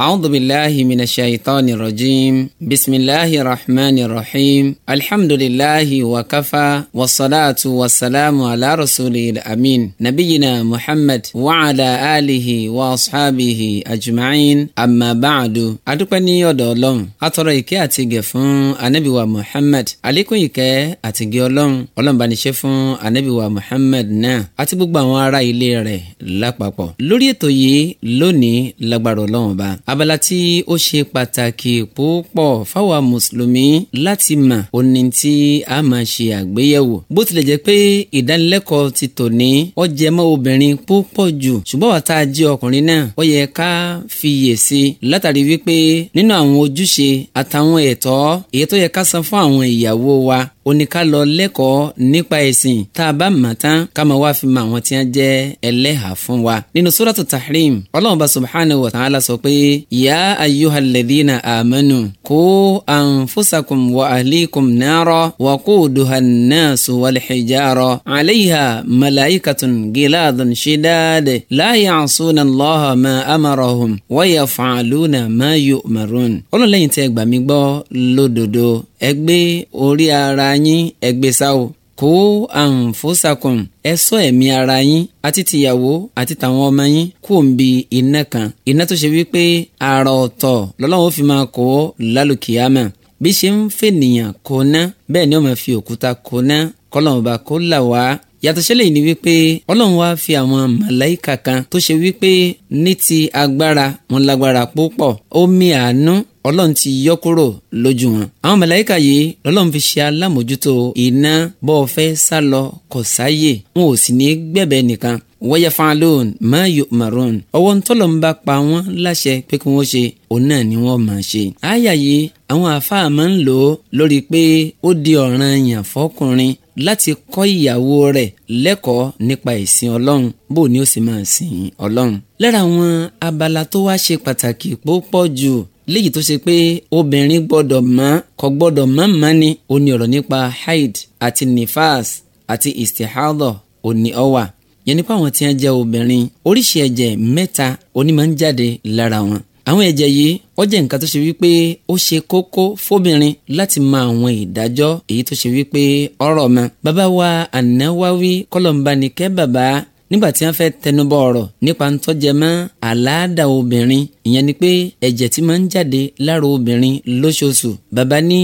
أعوذ بالله من الشيطان الرجيم بسم الله الرحمن الرحيم الحمد لله وكفى والصلاة والسلام على رسوله الأمين نبينا محمد وعلى آله وأصحابه أجمعين أما بعد أدوكني يدولون أترى إكي أتيجفون النبي ومحمد عليكم إكي أتيجولون ولن بنشفون النبي ومحمد نا أتبقى وراء إليه لك بقى يي لوني لك بارولون abala tí ó ṣe pàtàkì púpọ̀ fáwa mùsùlùmí láti mà òní tí a máa ṣe àgbéyẹ̀wò bó tilẹ̀ jẹ́ pé ìdánilẹ́kọ̀ọ́ ti tòní ó jẹ mọ́ obìnrin púpọ̀ jù ṣùgbọ́n wà tá a jẹ́ ọkùnrin náà ó yẹ ká fiyèsí látàrí wípé nínú àwọn ojúṣe àtàwọn ẹ̀tọ́ èyí tó yẹ ká san fún àwọn ìyàwó wa oníkálọ lẹ́kọ̀ọ́ nípa ẹ̀sìn tá a bá mọ̀ tán ká máa wá fi mọ àwọn tí wọ́n jẹ́ ẹlẹ́hà fún wa. nínú suratu tahrim ọlọ́run bá subhanahu wa ta'ala sọ pé ya ayyuhal ladhina amanu qu anfusakum wa ahlikum nara wa quduha an-nasu wal hijara alayha malaikatun giladun shidad la ya'suna allaha ma amarahum wa yaf'aluna ma yu'marun. ọlọ́run lẹ́yìn tẹ́ gbà lódodo ẹ gbé orí ara yín ẹ gbé e sá o kó àǹfóṣàkùn ẹ ṣọ́ ẹ̀mí ara yín àti tìyàwó àti tàwọn ọmọ yín kò ń bi iná kan iná tó ṣe wípé àrà ọ̀tọ̀ lọ́lọ́run fi máa kó lálùkìyàmà bí ṣe ń fènìyàn kóná bẹ́ẹ̀ ni ó máa fi òkúta kóná kọ́lọ́mùbá kó là wá yàtọ̀ sílẹ̀ ni wípé ọlọ́run wá fi àwọn màláìkà kan tó ṣe wípé ní ti agbára wọn lágbára púpọ̀ omi àánú ọlọ́run ti yọ kúrò lójú wọn. àwọn màláìkà yìí lọ́lọ́run fi ṣe alámòjútó iná bọ́ ọ fẹ́ sá lọ kọ̀ sáyè wọn ò sì ní gbẹ̀bẹ̀ nìkan wọ́yẹ fáálóòn máa yọ màrún ọwọ́ ntọ́lọ̀ ń bá pa wọ́n láṣẹ pé kí wọ́n ṣe òun náà ni wọ́n máa ṣe. àyà àwọn àáfàá máa ń lò ó lórí pé ó di ọ̀ranyàn fọkùnrin láti kọ́ ìyàwó rẹ̀ lẹ́kọ̀ọ́ nípa ìsìn ọlọ́run bó ni ó sì máa sìn ọlọ́run. lára àwọn abala tó wá ṣe pàtàkì púpọ̀ jù léyìí tó ṣe pé obìnrin gbọ́dọ̀ mọ̀ kò gbọ́dọ̀ mọ̀ mọ́ ni ó ní ọ̀rọ̀ nípa haid àti nifas àti istihadọ ó ní ó àwọn tí wọ́n jẹ́ obìnrin oríṣi ẹ̀jẹ̀ mẹ́ta oní ń jáde lára wọn àwọn ẹ̀jẹ̀ yìí ó jẹ́ nǹkan tó ṣe wípé ó ṣe kókó fóbìnrin láti mọ àwọn ìdájọ́ èyí tó ṣe wípé ọ̀rọ̀ mọ́ bàbá wa Ànáwáwí kọlọ̀ǹbanìkẹ́ bàbá nígbà tí wọ́n fẹ́ tẹnubọ̀ ọ̀rọ̀ nípa ń tọ́jẹ mọ́ àláàdà obìnrin ìyẹn ni pé ẹ̀jẹ̀ tí máa ń jáde lára obìnrin lóṣooṣù bàbá ní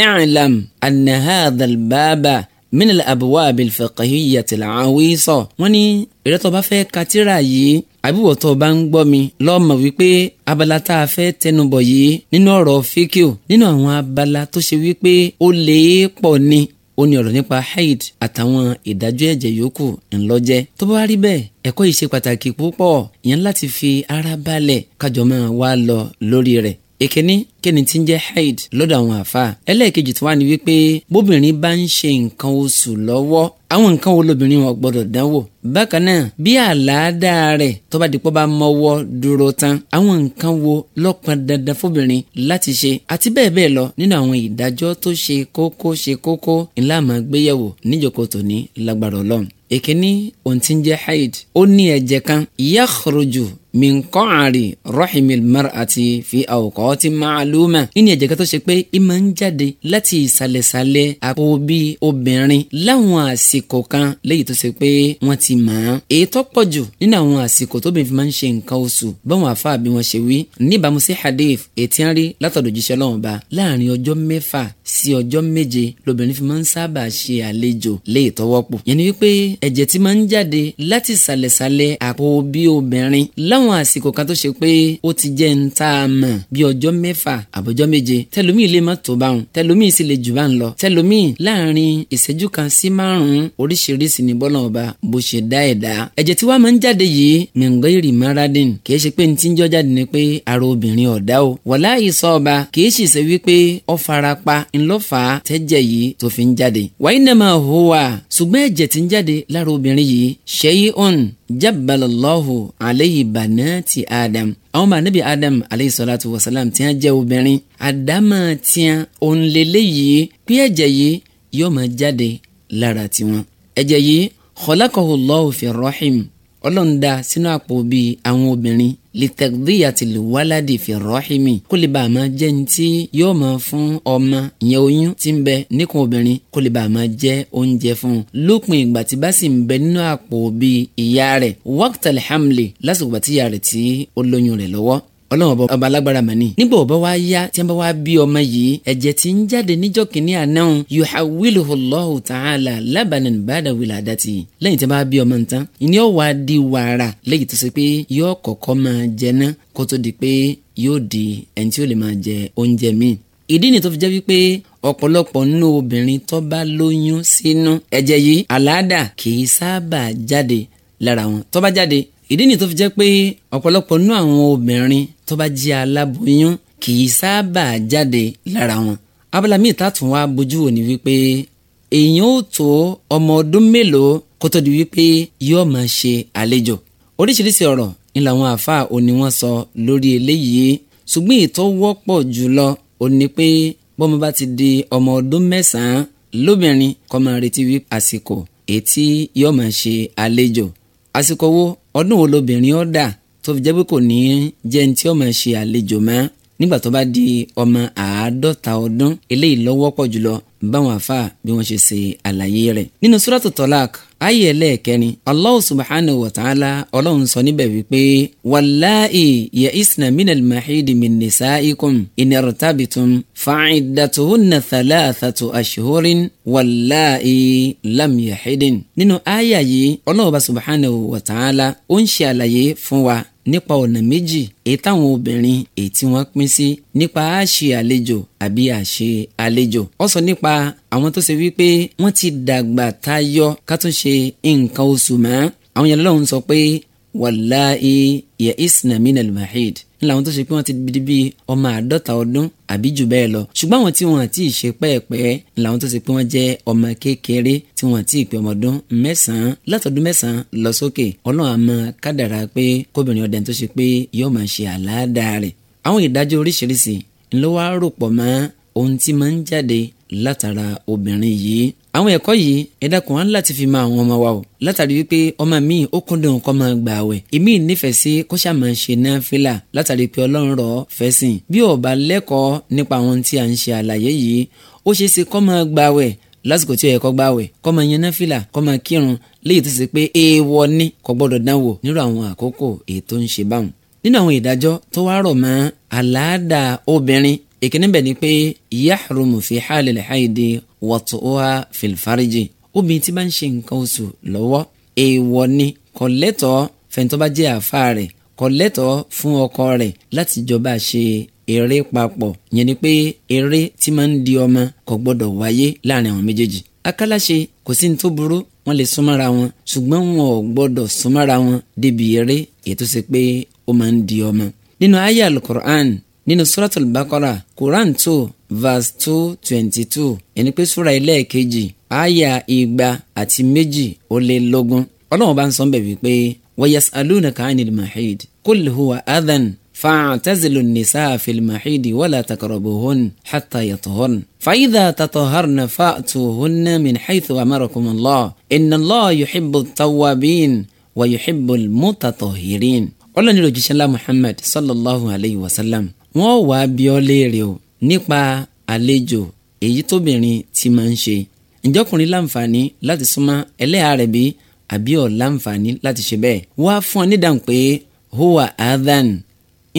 ẹ̀rìnlám anahadalbaba minil abuwa bilfaqahiyya al-awisa wọ́n ní ìrètò bá fẹ́ katira yìí àbíwọ̀ tó bá ń gbọ́ mi lọ́mọ wípé abala tá a fẹ́ tẹnubọ̀ yìí nínú ọ̀rọ̀ fíkìw nínú àwọn abala tó ṣe wípé ó lè pọ̀ ni ó ní ọ̀rọ̀ nípa haid àtàwọn ìdájọ́ ẹ̀jẹ̀ yòókù ńlọ́jẹ́ tó bá rí bẹ́ẹ̀ ẹ̀kọ́ yìí ṣe pàtàkì púpọ̀ ìyẹn láti fi ara balẹ̀ kájọ máa wá lọ lórí rẹ̀ èkíní kíni tí ń jẹ́ haid lọ́dọ̀ àwọn àfa ẹlẹ́ẹ̀kejì tí wàá ní wípé bóbìnrin bá ń ṣe nǹkan oṣù lọ́wọ́ àwọn nǹkan wo lóbìnrin wọn gbọ́dọ̀ dánwò bákan náà bí àlàáda rẹ̀ tó bá dìpọ́ bá mọ́wọ́ dúró tán àwọn nǹkan wo lọ́pọn dandan fóbìnrin láti ṣe àti bẹ́ẹ̀ bẹ́ẹ̀ lọ nínú àwọn ìdájọ́ tó ṣe kókó ṣe kókó ńlá máa gbéyẹ̀wò níjókòó tòní lágbára Ọlọ́run èkíní ohun haid ó ní ẹ̀jẹ̀ kan yakhruju min qa'ri rahimil mar'ati fi awqati ma'lum màálùmá nínú ẹ̀jẹ̀ kan tó ṣe pé ìmọ̀ ń jáde láti ìsàlẹ̀sàlẹ̀ àpò bí obìnrin láwọn àsìkò kan léyìí tó ṣe pé wọ́n ti mọ̀ án èyí tó pọ̀ jù nínú àwọn àsìkò tóbìnrin fi máa ń ṣe nǹkan oṣù báwọn àfáà bí wọ́n ṣe wí níbàámu sí hadith ètí ń rí látọ̀dọ̀ jíṣẹ́ lọ́wọ́n ba láàrin ọjọ́ mẹ́fà sí ọjọ́ méje lóbìnrin fi máa ń sábà ṣe àlejò léè tọwọ́pọ̀ yẹn ni wípé ẹ̀jẹ̀ tí máa ń jáde láti sàlẹ̀sàlẹ̀ àpò bí obìnrin láwọn àsìkò kan tó ṣe pé ó ti jẹ́ ń tá a mọ̀ bí ọjọ́ mẹ́fà àbọ̀jọ́ méje tẹlómi lè má tó báwọn tẹlómi sì lè jù bá ń lọ tẹlómi láàrin ìṣẹ́jú kan sí márùn-ún oríṣiríṣi ní bọ́lá ọba bó ṣe dá ẹ̀dá ẹ̀jẹ̀ tí wàá máa ń jáde yìí mẹ̀ngọ́ ìrì maradin kì ṣe pé ní ń jọ́ jáde ni pé ara obìnrin ọ̀dá o wọ̀lá ìsọ ọba kì í sì ṣe wípé ọ farapa ńlọ́fà tẹ́jẹ̀ yìí tó fi ń jáde wàá iná máa hùwà ṣùgbọ́n ẹ̀jẹ̀ tí ń jáde lára obìnrin yìí shay'un jabbalallahu alayhi banati adam àwọn ọmọ anabi adam alayhi salatu wa salam tí wọ́n jẹ́ obìnrin àdámà tiẹ̀ ònlélẹ́ yìí pé ẹ̀jẹ̀ yìí yóò máa jáde lára tiwọn. ẹ̀jẹ̀ yìí khalaqahullahu fi rahim ọlọ́ọ̀dà sínú àpò bíi àwọn obìnrin litẹ̀gbéyàtìlú wáládì fi rọ́ọ̀hìmì kó lè bàa máa jẹ́ ní tí yóò máa fún ọmọ ìyẹn oyún tí ń bẹ níkùn obìnrin kó lè bàa máa jẹ́ oúnjẹ fún un lópin ìgbà tí bá sì ń bẹ nínú àpò bíi ìyá rẹ̀ wákìtàlẹ̀ hamlin lásìkò gbà rẹ̀ tí ó lóyún rẹ̀ lọ́wọ́ ọlọ́run ọba ọba alágbára mà ní. nígbà ọba wa yá tí wọ́n bá wá bí ọmọ yìí ẹ̀jẹ̀ tí ń jáde níjọ́ kìíní ànáhùn yuhawiluhu Allahu ta'ala labanan ba'da wiladati lẹ́yìn tí wọ́n bá bí ọmọ nǹkan ìní ọ̀wá di wàrà lẹ́yìn tó ṣe pé yóò kọ́kọ́ máa jẹ ná kó tó di pé yóò di ẹni tí ó lè máa jẹ oúnjẹ míì ìdí ni tó fi jẹ́ wípé ọ̀pọ̀lọpọ̀ nínú obìnrin tó bá lóyún sínú ẹ̀jẹ̀ yìí àláàdà kì í sábà jáde lára wọn tó bá jáde ìdí ni tó fi jẹ́ pé ọ̀pọ̀lọpọ̀ nú àwọn obìnrin tó bá jẹ́ aláboyún kì í sábà jáde lára wọn abala míì tààtù wa bójú wò ní wípé èèyàn ó tó ọmọ ọdún mélòó kó tó di wípé yóò máa ṣe àlejò oríṣiríṣi ọ̀rọ̀ ni làwọn àáfàá òní wọn sọ lórí eléyìí ṣùgbọ́n ìtọ́ wọ́pọ̀ jùlọ ò ní pé bọ́mọ bá ti di ọmọ ọdún mẹ́sàn-án lóbìnrin kó máa retí wípé àsìkò ètí yóò máa ṣe àlejò àsìkò wo ọdún wo lobìnrin ó dà tó fi jẹ́ pé kò ní jẹ́ ní tí ó máa ṣe àlejò mọ́ nígbà tó bá di ọmọ àádọ́ta ọdún eléyìí lọ́wọ́ pọ̀ jùlọ báwọn afa bí wọ́n ṣe ṣe àlàyé rẹ̀. nínú suratu Talaq ayé ẹlẹ́ẹ̀kẹrin Allah subhanahu wa ta'ala ọlọ́run sọ níbẹ̀ wípé wàláì yẹ isna minal mahidi min nisaikum inirtabitum fa'iddatuhunna thalathatu ashhurin wàláì lam nínú ayé yìí ọlọ́run subhanahu wa ó ń ṣe àlàyé fún wa nípa ọ̀nà méjì èyí táwọn obìnrin èyí tí wọ́n pín sí nípa àṣe àlejò àbí àṣe àlejò. ó sọ nípa àwọn tó ṣe wípé wọ́n ti dàgbà tayọ ká tún nǹkan oṣù mọ́. àwọn yẹn lọ́hùn sọ pé wàláì yẹ isna minal mahid làwọn tó ṣe pé wọ́n ti di bíi ọmọ àádọ́ta ọdún àbí jù bẹ́ẹ̀ lọ ṣùgbọ́n àwọn tí wọ́n ti ṣe pẹ́ẹ́pẹ́ làwọn tó ṣe pé wọ́n jẹ́ ọmọ kékeré tí wọ́n ti pé ọmọ ọdún mẹ́sàn-án látọdún mẹ́sàn-án lọ sókè ọlọ́run àmọ́ kádàrá pé kóbìnrin ọ̀dẹ̀ tó ṣe pé yóò máa ṣe àlàáda rẹ̀ àwọn ìdájọ́ oríṣiríṣi ńlọ́wọ́ rò pọ̀ mọ́ ohun tí máa ń jáde látara obìnrin yìí àwọn ẹ̀kọ́ yìí ẹ̀dá kan á láti fi máa àwọn ọmọ wa o látàrí wípé ọmọ mi ó kúndùn kó máa gbà wẹ̀ èmi nífẹ̀ẹ́ sí kó ṣáà máa ṣe náfìlà látàrí pé ọlọ́run rọ̀ fẹ́sìn bí ó bá lẹ́kọ̀ọ́ nípa àwọn tí a ń ṣe àlàyé yìí ó ṣeé ṣe kó máa gbà wẹ̀ lásìkò tí ó gbà wẹ̀ kó máa yan náfìlà kó máa kírun léyìí tó ṣe pé èèwọ̀ ni kò gbọ́dọ̀ dánwò nírú àwọn àkókò èyí tó ń ṣe báwọn nínú àwọn ìdájọ́ tó wá rọ̀ mọ́ àláàdà obìnrin ìkíní bẹ̀ ni pé yahrumu fi halil haidi watuha filfariji obìnrin tí bá ń ṣe nǹkan oṣù lọ́wọ́ èèwọ̀ ni kò lẹ́tọ̀ọ́ fẹ̀ntọ́ bá jẹ́ àfa rẹ̀ kò lẹ́tọ̀ọ́ fún ọkọ rẹ̀ láti jọba ṣe eré papọ̀ yẹn ni pé eré tí máa ń di ọmọ kò gbọ́dọ̀ wáyé láàrin àwọn méjèèjì akáláṣe kò sí ní tó burú wọ́n lè súnmọ́ra wọn ṣùgbọ́n wọn ò gbọ́dọ̀ súnmọ́ra wọn débi eré ètò ṣe pé ó máa ń di ọmọ nínú àyá al nínú suratul Baqara Quran two verse two twenty two ẹni pé sura ẹlẹ́ẹ̀kejì àyà igba àti méjì ó lé lógún ọlọ́run bá ń sọ bẹ́ẹ̀ wípé wa yas'alunaka 'anil mahid qul huwa adhan فاعتزلوا النساء في المحيض ولا تقربوهن حتى يطهرن فإذا تطهرن فأتوهن من حيث أمركم الله إن الله يحب التوابين ويحب المتطهرين قلنا لجيش الله محمد صلى الله عليه وسلم wọ́n wá bí ọ léèrè o nípa àlejò èyí tóbìnrin ti máa ń ṣe ǹjọ́kùnrin láǹfààní láti súnmọ́ ẹlẹ́yà rẹ̀ bí àbí ọ̀ láǹfààní láti ṣe bẹ́ẹ̀ wá fún ọ nídàn pé hùwà adhan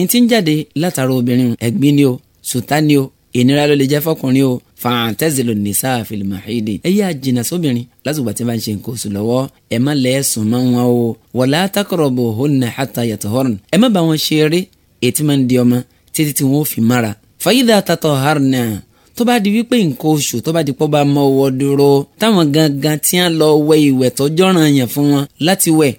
n ti ń jáde látara obìnrin ẹ̀gbin ni o sùtá ni o ìnira ló lè jẹ́ fọkùnrin o fàǹtẹ́sìlò nìsá fìlìmọ̀hídì ẹ yá jìnnà sóbìnrin lásìkò tí wọ́n ṣe nǹkan oṣù lọ́wọ́ ẹ má lẹ́ẹ̀sùn mọ́ wọn o wọ̀lá tákọ̀rọ̀ bò hó hàtà yàtọ̀ hórùn ẹ má bá wọn ṣeré ètí máa ń di ọmọ títí tí wọ́n fi mára. fàyídà tatọ̀ harna tó bá di wípé nǹkan oṣù tó bá di pọ́ bá mọ ọwọ́ dúró táwọn gangan tí wọ́n lọ wẹ ìwẹ̀ tọ́jọ́ràn yẹn fún wọn láti wẹ̀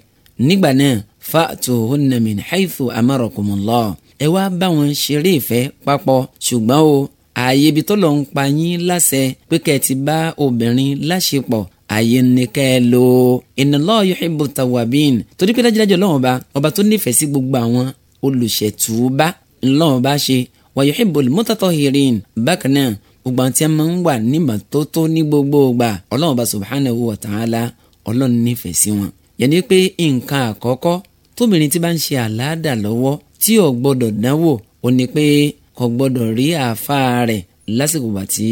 nígbà náà fa'tuhunna min haythu amarakumullah ẹ wá bá wọn ṣeré ìfẹ́ papọ̀ ṣùgbọ́n o ààyè ibi tó lọ ń pa yín láṣẹ pé kẹ́ ẹ ti bá obìnrin láṣepọ̀ ààyè ni kẹ́ ẹ lò ó innalahu yuhibbu tawwabin torí pé dájúdájú ọlọ́run ọba ọba tó nífẹ̀ẹ́ sí gbogbo àwọn olùṣètùúbá ńlọ́wọ́ bá ṣe wa yuhibbul mutatahirin bákan náà gbogbo àwọn tí a máa ń wà nímọ́tótó ní gbogbo ìgbà ọlọ́wọ́ bá subhanahu wa ta'ala ọlọ́run nífẹ̀ẹ́ sí wọn. yẹ́nì pé nǹkan àkọ́kọ́ tóbìnrin tí bá ń ṣe àládà lọ́wọ́ tí ò gbọ́dọ̀ dánwò ó ní pé kò gbọ́dọ̀ rí àáfàá rẹ̀ lásìkò gbà tí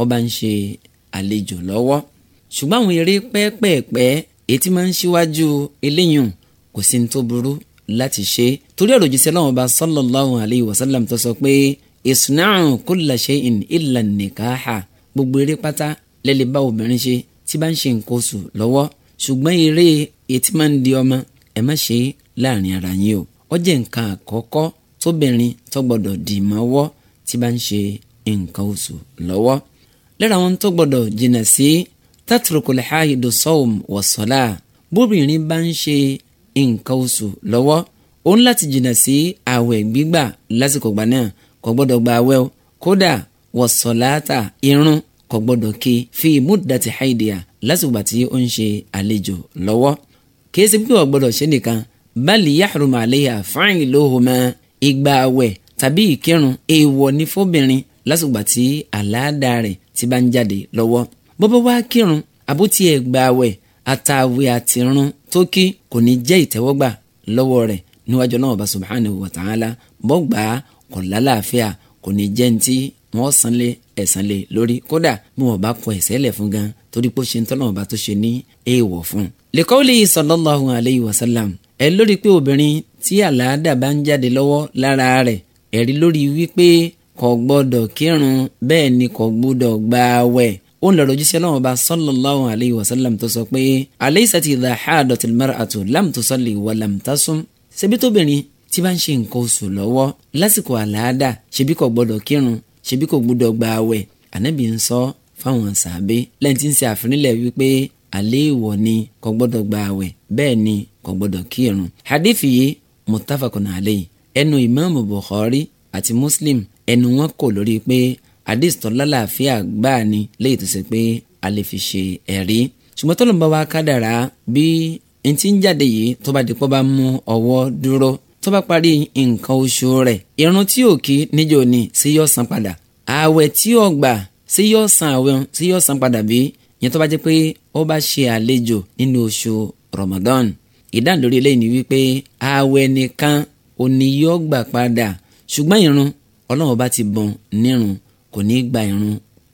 ó bá ń ṣe àlejò lọ́wọ́ ṣùgbọ́n àwọn eré pẹ́ẹ́pẹ́ẹ́pẹ́ èyí tí máa ń ṣíwájú eléyìí kò sí ní tó burú láti ṣe torí ọ̀rọ̀ jíṣẹ́ lọ́wọ́ bá sallallahu alayhi wa sallam tó sọ pé isna'u kulla shay'in illa nìkáhà gbogbo eré pátá lẹ́lẹ̀ bá obìnrin ṣe tí bá ń ṣe nǹkan oṣù lọ́wọ́ ṣùgbọ́n eré etí máa ń di ọmọ ẹ má ṣe láàrin ara yín o ó jẹ́ nǹkan àkọ́kọ́ tóbìnrin tó gbọ́dọ̀ dì mọ́wọ́ tí bá ń ṣe nǹkan oṣù lọ́wọ́ lára wọn tó gbọ́dọ̀ jìnnà sí tatrukul haidu bóbìnrin bá ń ṣe nǹkan oṣù lọ́wọ́ ó ń láti jìnnà sí ààwẹ̀ gbígbà lásìkò gbà náà kò gbọ́dọ̀ gba ààwẹ̀ o kódà wọ̀sọ̀láta irun kò gbọ́dọ̀ ké fi múdàtí haidia lásìkò gbà tí ó ń ṣe àlejò lọ́wọ́ kìí ṣe pípẹ́ ọ̀gbọ́dọ̀ ṣe nìkan báàlì yahruma aleha fáìn lóhùnmá ìgbà ààwẹ̀ tàbí ìkírun èèwọ̀ ní fóbìnrin lásìkò gbà tí àlàáda rẹ̀ ti bá ń jáde lọ́wọ́ bọ́bọ́ wá kírun àbótiẹ̀ gbà ààwẹ̀ àtàwé àtìrún tó kí kò ní jẹ́ ìtẹ́wọ́gbà lọ́wọ́ rẹ̀ níwájú náà ọba subhanahu wa ta'ala bọ́gbà kò lálàáfíà kò ní jẹ́ ntí wọ́n sanlé ẹ̀sanlé lórí kódà bí wọ́n bá kọ ẹ̀sẹ̀ lẹ̀ fún gan torí pé ó ṣe ń tọ́nà ọba tó ṣe ní èèwọ̀ fún lèkọ́lì sallallahu alayhi wa sallam ẹ lórí pé obìnrin tí àlàáda bá ń jáde lọ́wọ́ lára rẹ̀ ẹ̀rí lórí wípé kò gbọ́dọ̀ kírun bẹ́ẹ̀ ni kò gbọ́dọ̀ gbààwẹ̀ òun lọ̀rọ̀ jíṣẹ́ náà ọba sallallahu alayhi wa sallam tó sọ pé alaysati idha hadatil mar'atu lam tusalli wa lam tasum ṣebí tóbìnrin tí bá ń ṣe nǹkan oṣù lọ́wọ́ lásìkò àlàáda ṣebí kò gbọ́dọ̀ kírun ṣebí kò gbọ́dọ̀ gba àwẹ̀ ànábì ń sọ fáwọn sàbẹ lẹ́yìn tí ń ṣe àfinilẹ̀ wípé àléèwọ̀ ni kò gbọ́dọ̀ gba àwẹ̀ bẹ́ẹ̀ ni kò gbọ́dọ̀ kírun hadith yìí muttafaqun ẹnu ìmáàmù Bukhari àti Muslim ẹnu wọn kò lórí pé hadith tó lálàáfíà gbáà ni léyìí tó ṣe pé a lè fi ṣe ẹ̀rí ṣùgbọ́n tó ló ń bá wa kádàrá bí n ti ń jáde yìí tó bá dìpọ́ bá mú ọwọ́ dúró tó bá parí nǹkan oṣù rẹ̀ irun tí ò kí níjọ́ ni sí yóò san padà ààwẹ̀ tí ò gbà sí yóò san ààwẹ̀ sí yóò san padà bí yẹn tó bá jẹ́ pé ó bá ṣe àlejò nínú oṣù Ramadan ìdáhùn lórí eléyìí ni wípé ààwẹ̀ nìkan òní yóò gbà padà ṣùgbọ́n irun Ọlọ́run bá ti bọ̀n nírun kò ní gba irun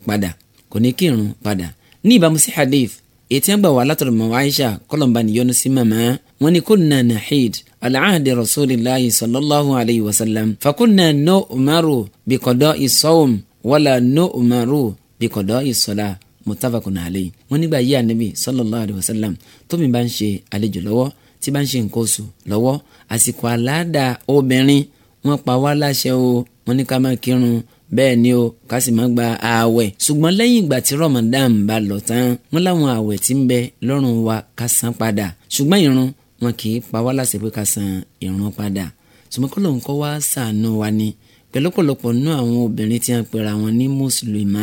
padà kò ní kí irun padà ní ìbámu sí hadith ètí àgbà wà látọ̀rọ̀ mọ́ Aisha kọ́lọ̀mbà níyọnu sí màmá wọn ni kunna nahid ala ahdi rasulillahi sallallahu alayhi wa sallam fakunna no umaru bikọdọ isawum wala no umaru bikọdọ isola mutafakun alayhi wọn nígbà yí anabi sallallahu alayhi wa sallam tómi bá ń ṣe àlejò lọ́wọ́ tí bá ń ṣe nǹkan oṣù lọ́wọ́ àsìkò aláàdá obìnrin wọn pa wá láṣẹ o wọ́n ní ká máa kírun bẹ́ẹ̀ ni o ká sì máa gba ààwẹ̀ ṣùgbọ́n lẹ́yìn ìgbà tí Ramadan bá lọ tán wọ́n láwọn ààwẹ̀ tí ń bẹ lọ́rùn wa ká san padà ṣùgbọ́n ìrun wọn kì í pa wá láṣẹ pé ká san ìrun padà sọmọkọ́lọ́ ń kọ́ wá ṣàánú wa ni pẹ̀lọ́pọ̀lọpọ̀ nú àwọn obìnrin tí wọ́n pera wọn ní mùsùlùmá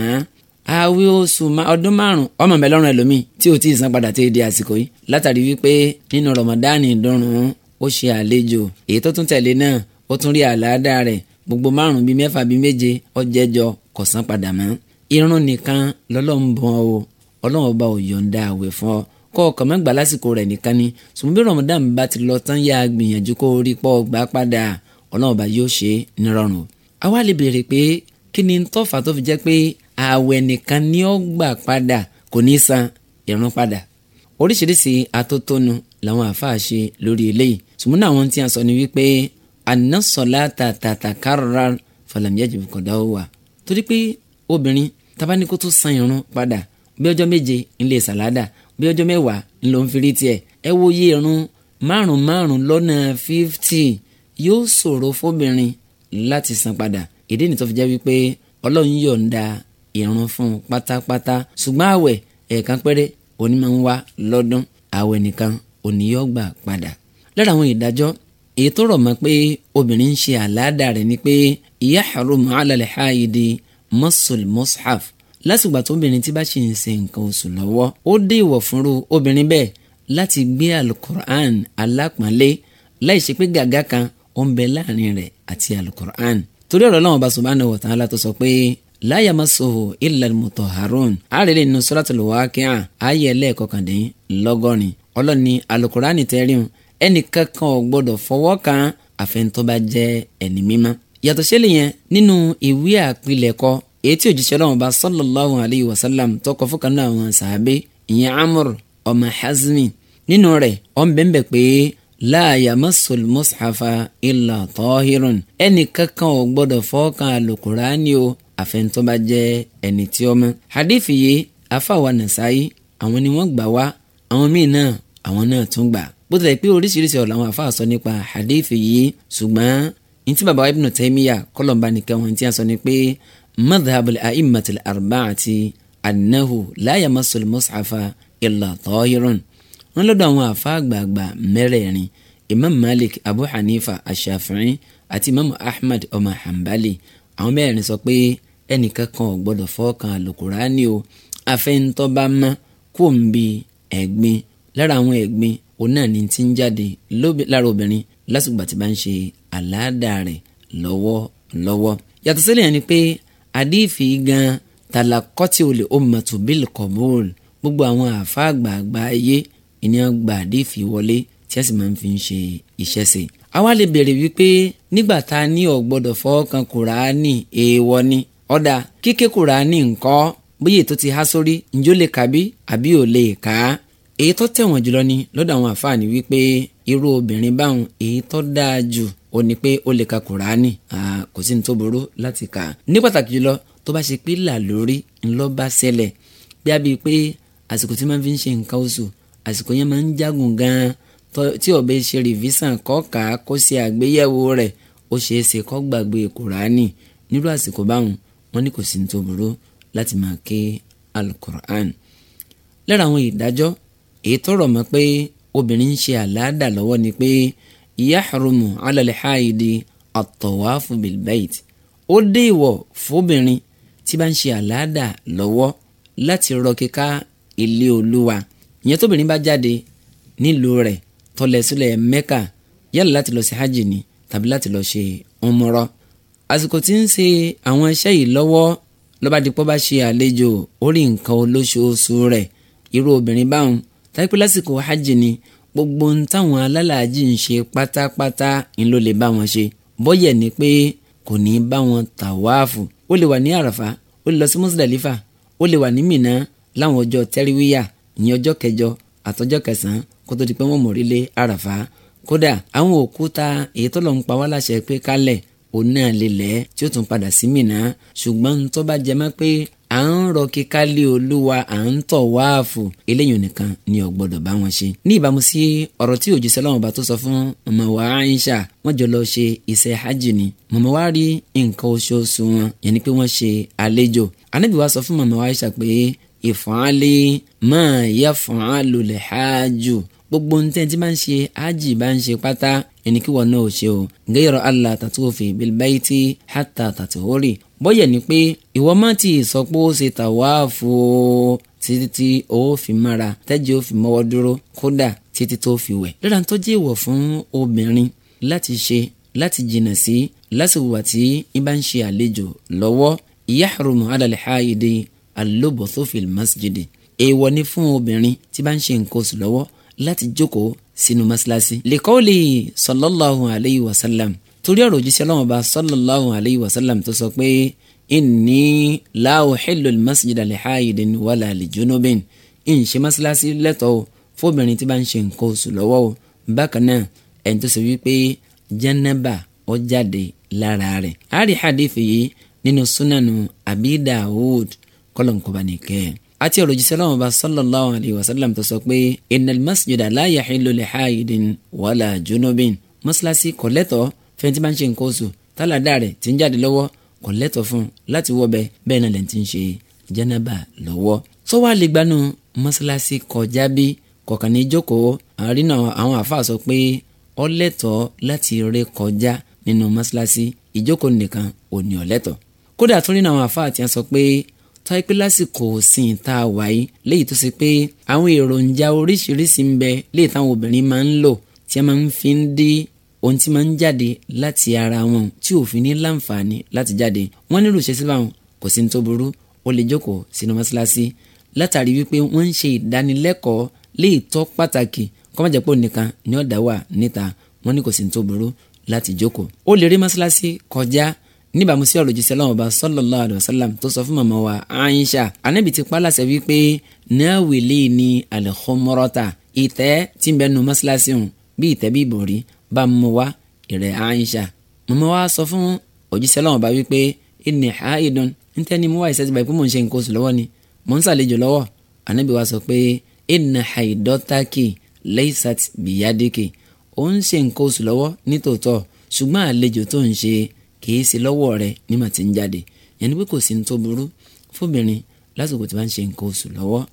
àwí oṣù ọdún márùn ọmọ mi lọ́rùn ẹlòmíì tí ò tí san padà tí ì di àsìkò yìí látàrí wípé nínú Ramadan dùnrùn ó ṣe àlejò èyí tó tún tẹ̀lé náà ó tún rí àlàáda rẹ̀ gbogbo márùn bíi mẹ́fà bíi méje ọjẹ́jọ kò san padà mọ́ irun nìkan lọ́lọ́run bọ́n o ọlọ́run ọba ò yọ̀ǹda àwẹ̀ fún ọ kọ́ mẹ́gbà lásìkò rẹ̀ nìkan ni ṣùgbọ́n bí Ramadan bá ti lọ tán yá gbìyànjú kó rí pọ́ gbà padà ọlọ́run ọba yóò ṣe nírọ̀rùn. àwa lè béèrè pé kí ni tọ́fà tó fi jẹ́ pé àwẹ̀ nìkan ni ó gbà padà kò ní san irun padà oríṣiríṣi atótónu làwọn àáfàá ṣe lórí eléyìí ṣùgbọ́n àwọn tí a sọ ni wípé anasọ̀lá tàtàkàrà fọlàmìyàjì kọ̀dá ó wà torí pé obìnrin tabaníkó tó san irun padà bí ọjọ́ méje ńlẹ̀ sàládà bí ọjọ́ mẹ́wàá ńlọ ń firi tiẹ̀ ẹ wo iye irun márùn márùn lọ́nà fífítì yóò ṣòro fóbìnrin láti san padà ìdí nìtọ́ fi jẹ́ wípé ọlọ́run yọ̀ǹda irun fún un pátápátá ṣùgbọ́n àwẹ̀ ẹ̀ẹ̀kan péré onímọ̀ ń wá lọ́dún àwẹ̀ nìkan òní yóò gbà padà lára àwọn ìdájọ́ èyí tó rọ̀ mọ́ pé obìnrin ń ṣe àláàdà rẹ̀ ni pé yahrumu ala al-haidi massul mushaf lásìgbà tó obìnrin tí bá ṣì ń ṣe nǹkan oṣù lọ́wọ́ ó dé ìwọ̀ fúnru obìnrin bẹ́ẹ̀ láti gbé alukur'an alápọ̀nlé láì ṣe pé gàgá kan ó ń bẹ láàrin rẹ̀ àti alukur'an torí ọ̀rọ̀ Ọlọ́hun Ọba subhanahu wa ta'ala tó sọ pé la yamassuhu illa al-mutahharun àárẹ̀lẹ̀ nínú suratul waqi'a ayé ẹlẹ́ẹ̀kọkàndínlọ́gọ́rin ọlọ́ni alukur'an tẹ́rìn ẹnìkankan ò gbọ́dọ̀ fọwọ́ kan àfẹnutọ́ba jẹ́ ẹni mímọ́ yàtọ̀ ṣẹlẹ̀ yẹn nínú ìwé àpilẹ̀kọ èyí tí òjíṣẹ́ ọlọ́run bá sallallahu alayhi wa sallam tọkọ fún kanú àwọn sàábé ìyẹn amúr ọmọ hazmi nínú rẹ̀ ọ̀n bẹ́ẹ̀ pé la yamassul mushafa illa tahirun ẹnìkankan ò gbọ́dọ̀ fọwọ́ kan àlùkùránì o àfẹnutọ́ba jẹ́ ẹni tí ó mọ́ hadith yìí afáwa nàṣáyí àwọn ni wọ́n gbà wá àwọn míì náà àwọn náà tún gbà bó tilẹ̀ pé oríṣiríṣi ọ̀rọ̀ làwọn àfa sọ nípa hadithi yìí ṣùgbọ́n ní tí bàbá Ibn Taymiyyah kọ́lọ̀mbà nìkan wọn ti sọ ni pé madhabul a'immatil arba'ati annahu la yamassul mus'afa illa tahirun wọn lọ́dọ̀ àwọn àfa àgbààgbà mẹ́rẹ̀ẹ̀rin imam malik abu hanifa ashafi'i àti imam ahmad ọmọ hanbali àwọn mẹ́rin sọ pé ẹnìkan kan ò gbọ́dọ̀ fọkàn àlùkùránì o afẹ́ntọ́ba mọ́ kó ń bi ẹ̀gbin lára àwọn ẹ̀gbin òun náà ni ti ń jáde lára obìnrin lásìgbà tí bá ń ṣe àláàdà rẹ̀ lọ́wọ́lọ́wọ́. yàtọ̀ sílẹ̀ ni pé àdìfì gan talakọ́tì olè ummatu bil qabul gbogbo àwọn àfa àgbààgbà ayé ìníyàn gba àdìfì wọlé tí a sì máa ń fi ṣe iṣẹ́ ṣe. àwa lè béèrè wípé nígbà tá a ní ọ̀gbọ́dọ̀ fọ́ọ̀kan kùránì èèwọ̀ ni ọ̀dà kíké kùránì ńkọ́ bóyá ètò ti há sórí ǹjọ́ lè kàbí àbí ò lè kà èyí tó tẹ̀wọ̀n jùlọ ni lọ́dọ̀ àwọn àfáàní wípé irú obìnrin báwọn èyí tó dáa jù ó ní pé ó lè ka kùránì kò sí ní tó burú láti kà á ní pàtàkì jùlọ tó bá ṣe pé là lórí ńlọ bá ṣẹlẹ̀ bí a bíi pé àsìkò tí máa fi ń ṣe nǹkan oṣù àsìkò yẹn máa ń jágùn gan-an tí ọ̀bẹ ṣe rìvísàn kọ́ka kó ṣe àgbéyẹ̀wò rẹ̀ ó ṣeé ṣe kó gbàgbé kùránì nírú àsìkò báwọn wọn ní kò sí ní tó burú láti máa ké alukur'an lára àwọn ìdájọ́ èyí tó rọ̀ mọ́ pé obìnrin ń ṣe àláàdà lọ́wọ́ ni pé yahrumu ala al-haidi at-tawafu bil-bayt ó dé ìwọ̀ fóbìnrin tí bá ń ṣe àláàdà lọ́wọ́ láti rọ kíká ilé olúwa ìyẹn tóbìnrin bá jáde nílùú rẹ̀ tọ́lẹ̀ mẹ́kà yálà láti lọ sí hajj ni tàbí láti lọ ṣe ọmọrọ àsìkò tí ń ṣe àwọn iṣẹ́ yìí lọ́wọ́ lọ́ba dípọ́ bá ṣe àlejò orí nǹkan olóṣooṣù rẹ̀ irú obìnrin báwọn táìpẹ́ lásìkò hajj ni gbogbo ń táwọn alálàájì ń ṣe pátápátá ń ló lè bá wọn ṣe bọ́yẹ̀ ni pé kò ní bá wọn tàwáàfù ó lè wà ní àràfà ó lè lọ sí mùsùlùmífà ó lè wà ní mìnà láwọn ọjọ́ tẹ́ríwíyà ní ọjọ́ kẹjọ àtọjọ́ kẹsàn-án kó tó di pé wọ́n mórí lé àràfà kódà àwọn òkúta èyí tó lọ ń pa wá láṣẹ pé kálẹ̀ òun náà lè lẹ̀ tí ó tún padà sí mìnà ṣùgbọ́n tó bá jẹ mọ́ pé à ń rọ kíkálẹ̀ olúwa à ń tọ̀ wáàfù eléyìí nìkan ni ò gbọ́dọ̀ bá wọn ṣe. ní ìbámu sí ọ̀rọ̀ tí òjíṣẹ́ lọ́wọ́ bá tó sọ fún ọmọ wa Aisha wọ́n jọ lọ ṣe iṣẹ́ hajj ni mọ̀mọ́ wa rí nǹkan oṣooṣù wọn yẹn ni pé wọ́n ṣe àlejò anábì wa sọ fún mọ̀mọ́ Aisha pé ìfọ̀nálẹ̀ máa yẹ fọ̀nálùlẹ̀ hajj gbogbo ní tẹ́ntì bá ń ṣe hajj bá ń ṣe pátá ẹnikíwọ̀ náà ò ṣe o gẹ́rọ Allah tàtúwò fi bilbayti hatta tàtúwórì bọ́yẹ̀ ni pé ìwọ má ti sọ pé ó ṣe tàwáàfù o títí tí o fi mára tẹ́jẹ́ o fi mọ́wọ́ dúró kódà títí tó fi wẹ̀. lára tó jẹ́ ìwọ̀ fún obìnrin láti ṣe láti jìnnà sí lásìkò àti ìbá ń ṣe àlejò lọ́wọ́ yahrumu alal haidi alobotho fil masjidi èèwọ̀ ni fún obìnrin tí bá ń ṣe nǹkan oṣù lọ́wọ́ láti jókòó sínú mọ́ṣáláṣí. lèkọ́ọ̀lì sallallahu alayhi wa sallam torí ọ̀rọ̀ òjíṣẹ́ ọlọ́run ọba sallallahu alayhi wa sallam tó sọ pé inni la uhillu al-masjid li-haidin wala li-junubin ń ṣe mọ́ṣáláṣí lẹ́tọ̀ọ́ fóbìnrin tí bá ń ṣe nǹkan oṣù lọ́wọ́ o bákan náà ẹni tó sọ wípé jẹ́nẹ́bà ó jáde lára rẹ̀ a rí hadith yìí nínú sunanu Abi Dawud kọ́lọ̀nkọ́banìkẹ́ àti ọ̀rọ̀ òjíṣẹ́ ọlọ́run ọba sallallahu alayhi wa sallam tó sọ pé innal masjida la yahillu li-haidin wala junubin fẹ́ntì bá ń ṣe nǹkan oṣù tálàdá rẹ̀ ti ń jáde lọ́wọ́ kò lẹ́tọ̀ọ́ fún un láti wọ́ bẹ́ẹ̀ bẹ́ẹ̀ náà lẹ́yìn tí ń ṣe jẹ́nẹ́bà lọ́wọ́. sọ wá lè gbanú mọ́ṣáláṣí kọjá bí kọ̀ọ̀kan ní jókòó àrínà àwọn àáfàá sọ pé ó lẹ́tọ̀ọ́ láti ré kọjá nínú mọ́ṣáláṣí ìjókòó nìkan ò ní ó lẹ́tọ̀ọ́. kódà tún rínà àwọn àáfàá ti sọ pé tọ́ípé lásìkò sìn tá a wáyé léyìí tó ṣe pé àwọn èròjà oríṣiríṣi ń bẹ léyìí táwọn obìnrin máa ń lò tí a máa ń fi ń dín ohun tí máa ń jáde láti ara wọn tí òfin ní láǹfààní láti jáde wọ́n nílò ṣe sí báwọn kò sí ní tó burú ó lè jókòó sínú mọ́ṣáláṣí látàrí wípé wọ́n ń ṣe ìdánilẹ́kọ̀ọ́ léè tọ́ pàtàkì kọ́mọ̀jẹ̀pọ̀ nìkan ni ọ̀dà wà níta wọ́n ní kò sí ní tó burú láti jókòó. ó lè rí mọ́ṣáláṣí kọjá níbàámu sí ọ̀rọ̀ jíṣẹ́ lọ́wọ́ bá sallallahu alaihi wasallam tó sọ wa Aisha anábì ti pa láṣẹ wípé náwìlì ni al-khumrata ìtẹ́ tí ń bẹnu mọ́ṣáláṣí hùn bí ìtẹ́ bí ìbòrí bá mú wá ìrẹ̀ Aisha màmá wa sọ fún òjíṣẹ́ lọ́wọ́ bá wípé ìní àìdán níta ni mo wá ìṣẹ́jú báyìí pé mò ń ṣe nǹkan oṣù lọ́wọ́ ni mò ń ṣàlejò lọ́wọ́ ànábì wa sọ pé ìní àìdọ́tàkì laysat bìyádìkì ó ń ṣe nǹkan oṣù lọ́wọ́ nítòótọ́ ṣùgbọ́n àlejò tó ń ṣe kìí ṣe lọ́wọ́ rẹ nígbà tí ń jáde yẹn ni pé kò sí ní tó burú fóbìnrin lásìkò tí wọ́n ń ṣe nǹkan oṣù lọ́wọ́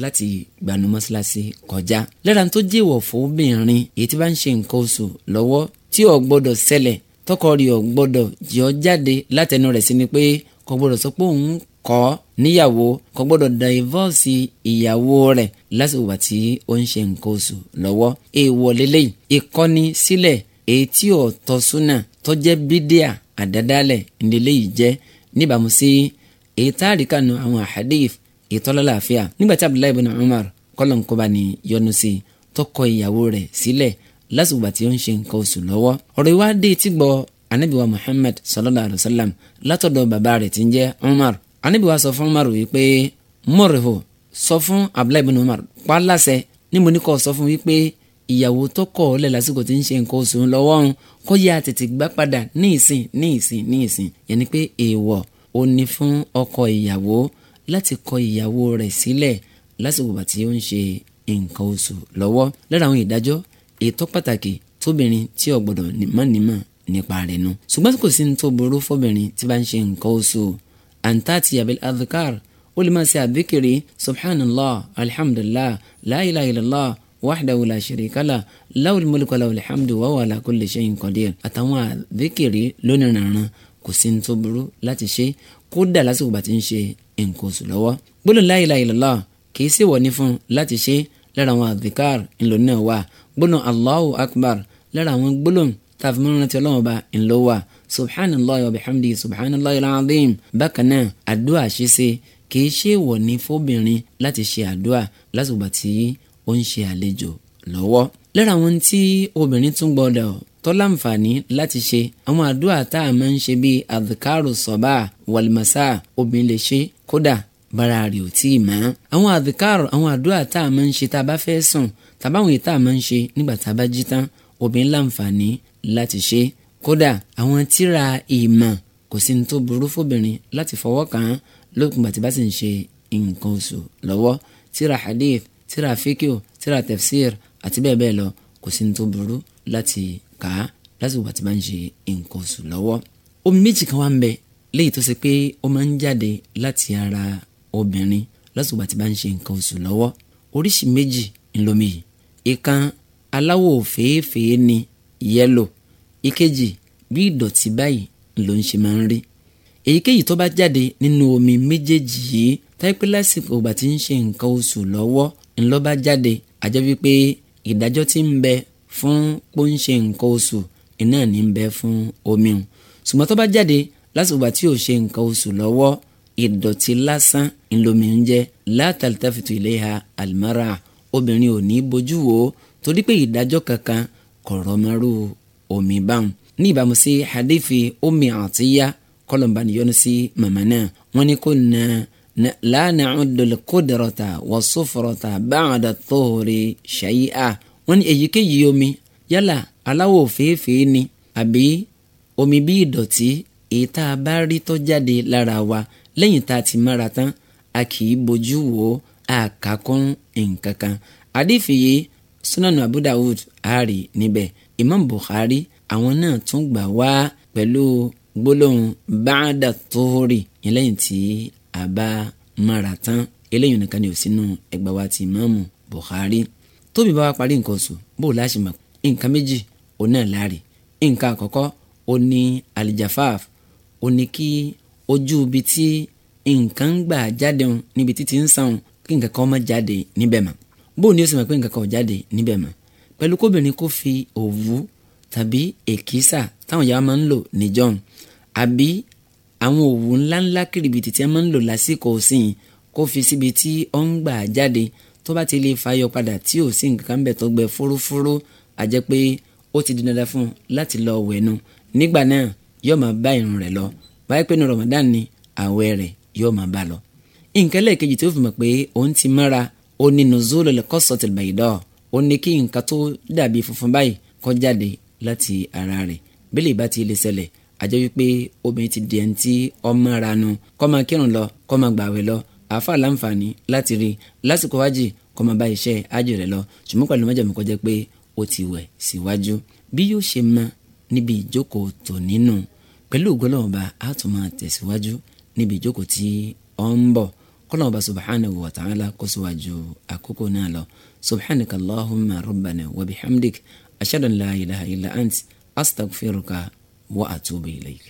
láti gbanú mọ́ṣáláṣí kọjá lára tó jẹ́wọ̀ fóbìnrin èyí tí bá ń ṣe nǹkan oṣù lọ́wọ́ tí ò gbọ́dọ̀ ṣẹlẹ̀ tọkọ rẹ̀ ò gbọ́dọ̀ jẹ́ ọ jáde látẹnu rẹ̀ sí ni pé kò gbọ́dọ̀ sọ pé òun kọ́ níyàwó kò gbọ́dọ̀ dàìvọ́ọ̀sì ìyàwó rẹ̀ lásìkò wà tí ó ń ṣe nǹkan oṣù lọ́wọ́ èèwọ̀ lélẹ́yìn ìkọ́ni sílẹ̀ èyí tí ò tọ́ súnà tó jẹ́ bídíà àdádálẹ̀ ńlẹ́lẹ́yìí jẹ́ níbàámu sí èyí táàrí kanu àwọn àhàdíf ìtọ́lá làáfíà nígbà tí Abdullahi ibn Umar kọ́lọ̀ ń kọ́ba ní yọ́nú sí i tó kọ ìyàwó rẹ̀ sílẹ̀ lásìgbà tí ó ń ṣe nǹkan oṣù lọ́wọ́ ọ̀rọ̀ ìwádìí ti gbọ́ anabiwa Muhammad sallallahu alayhi wa sallam látọ̀dọ̀ bàbá rẹ̀ tí ń jẹ́ Umar anabiwa sọ fún Umar wípé mọ̀rẹ̀hó sọ fún Abdullahi ibn Umar pálásẹ̀ níbo ni kò sọ fún wípé ìyàwó tó kọ̀ ọ́ lẹ̀ lásìkò tí ń ṣe nǹkan oṣù lọ́wọ́ ń kó yá tètè gbá padà ní ìsìn ní ìsìn ní ìsìn yẹn pé èèwọ̀ ó ní fún ọkọ ìyàwó láti kọ ìyàwó rẹ̀ sílẹ̀ lásìkò bàtí ó ń ṣe nǹkan oṣù lọ́wọ́ lára àwọn ìdájọ́ ètò pàtàkì tóbìnrin tí ò gbọ́dọ̀ nímọ̀nímọ̀ nípa rẹ̀ nu. ṣùgbọ́n kò sí ní tó burú fọ́bìnrin tí bá ń ṣe nǹkan oṣù àǹtàtì abil adhikar ó lè máa ṣe àbíkiri subhanallah alhamdulillah la ilaha illallah wahdahu la sharikala lawul mulku lawul hamdu wa wala kulli shay'in àtàwọn àbíkiri lónìí rànran kò sí ní tó burú láti ṣe kódà lásìkò bá ń ṣe nǹkan oṣù lọ́wọ́ gbólóhùn la ilaha illallah kì í sì wọ̀ ní fún láti ṣe lára àwọn adhikar ńlò náà wà gbólóhùn allahu akbar lára àwọn gbólóhùn tààfin mọ́nà tí ọlọ́run bá ńlọ wà subhanallah wa bihamdi subhanallah al-azim bákan náà àdúrà ṣíṣe kì í ṣe wọ̀ ní fóbìnrin láti ṣe àdúrà lásìkò tí ó ń ṣe àlejò lọ́wọ́ lára àwọn tí obìnrin tún gbọ́dọ̀ tó láǹfààní láti ṣe àwọn àdúrà tá a máa ń ṣe bíi adhikaru sọ̀bà wàlìmọ̀sá obìnrin lè ṣe kódà bára rẹ̀ ò tí ì mọ́. àwọn àdìkárò àwọn àdúrà tá a máa ń ṣe tá a bá fẹ́ sùn tàbáwọn èyí tá a máa ń ṣe nígbà tá a bá jí tán obìnrin láǹfààní láti ṣe kódà àwọn tíra ìmọ̀ kò sí ní tó burú fóbìnrin láti fọwọ́ kàn án lókùnbà tí bá sì ń ṣe nǹkan oṣù lọ́wọ́ tíra hadith tíra fíkìó tíra tafsir àti bẹ́ẹ̀ bẹ́ẹ̀ lọ kò sí ní tó burú láti kà á lásìkò léyìí tó ṣe pé ó máa ń jáde láti ara obìnrin lọ́sùgbà tí bá ń ṣe nǹkan oṣù lọ́wọ́ oríṣi méjì ńlọmi yìí ìkan aláwọ̀ fèéfèé ni yẹ́lò ìkejì bí ìdọ̀tí báyìí ló ń ṣe máa ń rí èyíkéyìí tó bá jáde nínú omi méjèèjì yìí táìpé lásìkò ìgbà tí ń ṣe nǹkan oṣù lọ́wọ́ ńlọ bá jáde àjọ wípé ìdájọ́ tí ń bẹ fún pọ́ńṣe nǹkan oṣù iná ní ń bẹ fún omi ṣùgbọ́n tó bá jáde lásìkò tí ò ṣe nǹkan oṣù lọ́wọ́ ìdọ̀tí lásán ńlọmi ń jẹ́ látàlítàfitù ìléha àlùmárà obìnrin ò ní bójú wò ó torí pé ìdájọ́ kankan kọ̀rọ̀ mọ́rú omi báwọn. ní ìbámu sí hadithi Ummi Atiyya kọlọmba níyọnu sí màmá náà wọn ni kò na la na'uddul qudrata was-sufrata ba'da at-tuhuri shay'a wọn ni èyíkéyìí omi yálà aláwọ̀ fèéfèé ni àbí omi bí ìdọ̀tí èyí tá a bá rí tó jáde lára wa lẹ́yìn tá a ti mára tán a kì í bójú wò ó àkàkún nǹkan kan àdìfì yìí sunanu ari níbẹ̀ Imam Bukhari àwọn náà tún gbà wá pẹ̀lú gbólóhùn báàdà tóórì lẹ́yìn tí a bá mára tán eléyìí nìkan ni ò sínú ẹgbà wa ti Imam Bukhari tóbi bá wa parí nǹkan oṣù bó o láṣìmọ̀ nǹkan méjì òun náà láàrin nǹkan àkọ́kọ́ ó ní aljafaf ò ní kí ojú ibi tí nǹkan ń gbà jáde hàn níbi títí ń sàn kí nǹkan kan má jáde níbẹ̀ mọ́ bóun ni ó sì mọ̀ pé nǹkan kan ò jáde níbẹ̀ mọ́ pẹ̀lú kóbìnrin kó fi òwú tàbí èkísà táwọn ìyá máa ń lò níjọ́un àbí àwọn òwú ńláńlá kìrìbìtì tí wọ́n máa ń lò lásìkò òsìn kó fi síbi tí ó ń gbà jáde tó bá ti lè fàyọ padà tí ò sí bẹ̀ tó gbẹ fúrúfúrú àjẹ́ ó ti di dandan fún un láti lọ wẹ̀nu nígbà náà yóò máa bá irun rẹ̀ lọ báyìí pé ní Ramadan ni àwẹ̀ rẹ̀ yóò máa bá lọ. nǹkan lẹ́ẹ̀kejì tó fi mọ̀ pé òun ti mára ó ní nùzúlù lẹ́kọ́sọ̀tìl bàyìdọ́ ó ní kí nǹkan tó dàbí funfun báyìí kó jáde láti ara rẹ̀ bílẹ̀ bá ti lè ṣẹlẹ̀ àjọ wípé obìnrin ti di ẹni tí ọmọ ara nu kó máa kírun lọ kó máa gbààwẹ̀ lọ àáfà láǹfààní láti rí lásìkò wájì kó máa bá iṣẹ́ ájò rẹ̀ lọ ṣùgbọ́n pẹ̀lú mọ́jàmú kó jẹ́ pé ó ti wẹ̀ síwájú bí yóò ṣe máa níbi ìjókòó tò nínú pẹ̀lú ògbólọ́ọ̀ba a tún máa tẹ̀síwájú níbi ìjókòó tí ó ń bọ̀ kọ́lọ́ọ̀ba subhanahu wa ta'ala kó síwájú àkókò náà lọ subhanaka allahumma rabbana wa bihamdik ashhadu an la ilaha illa ant astaghfiruka wa atubu ilayk.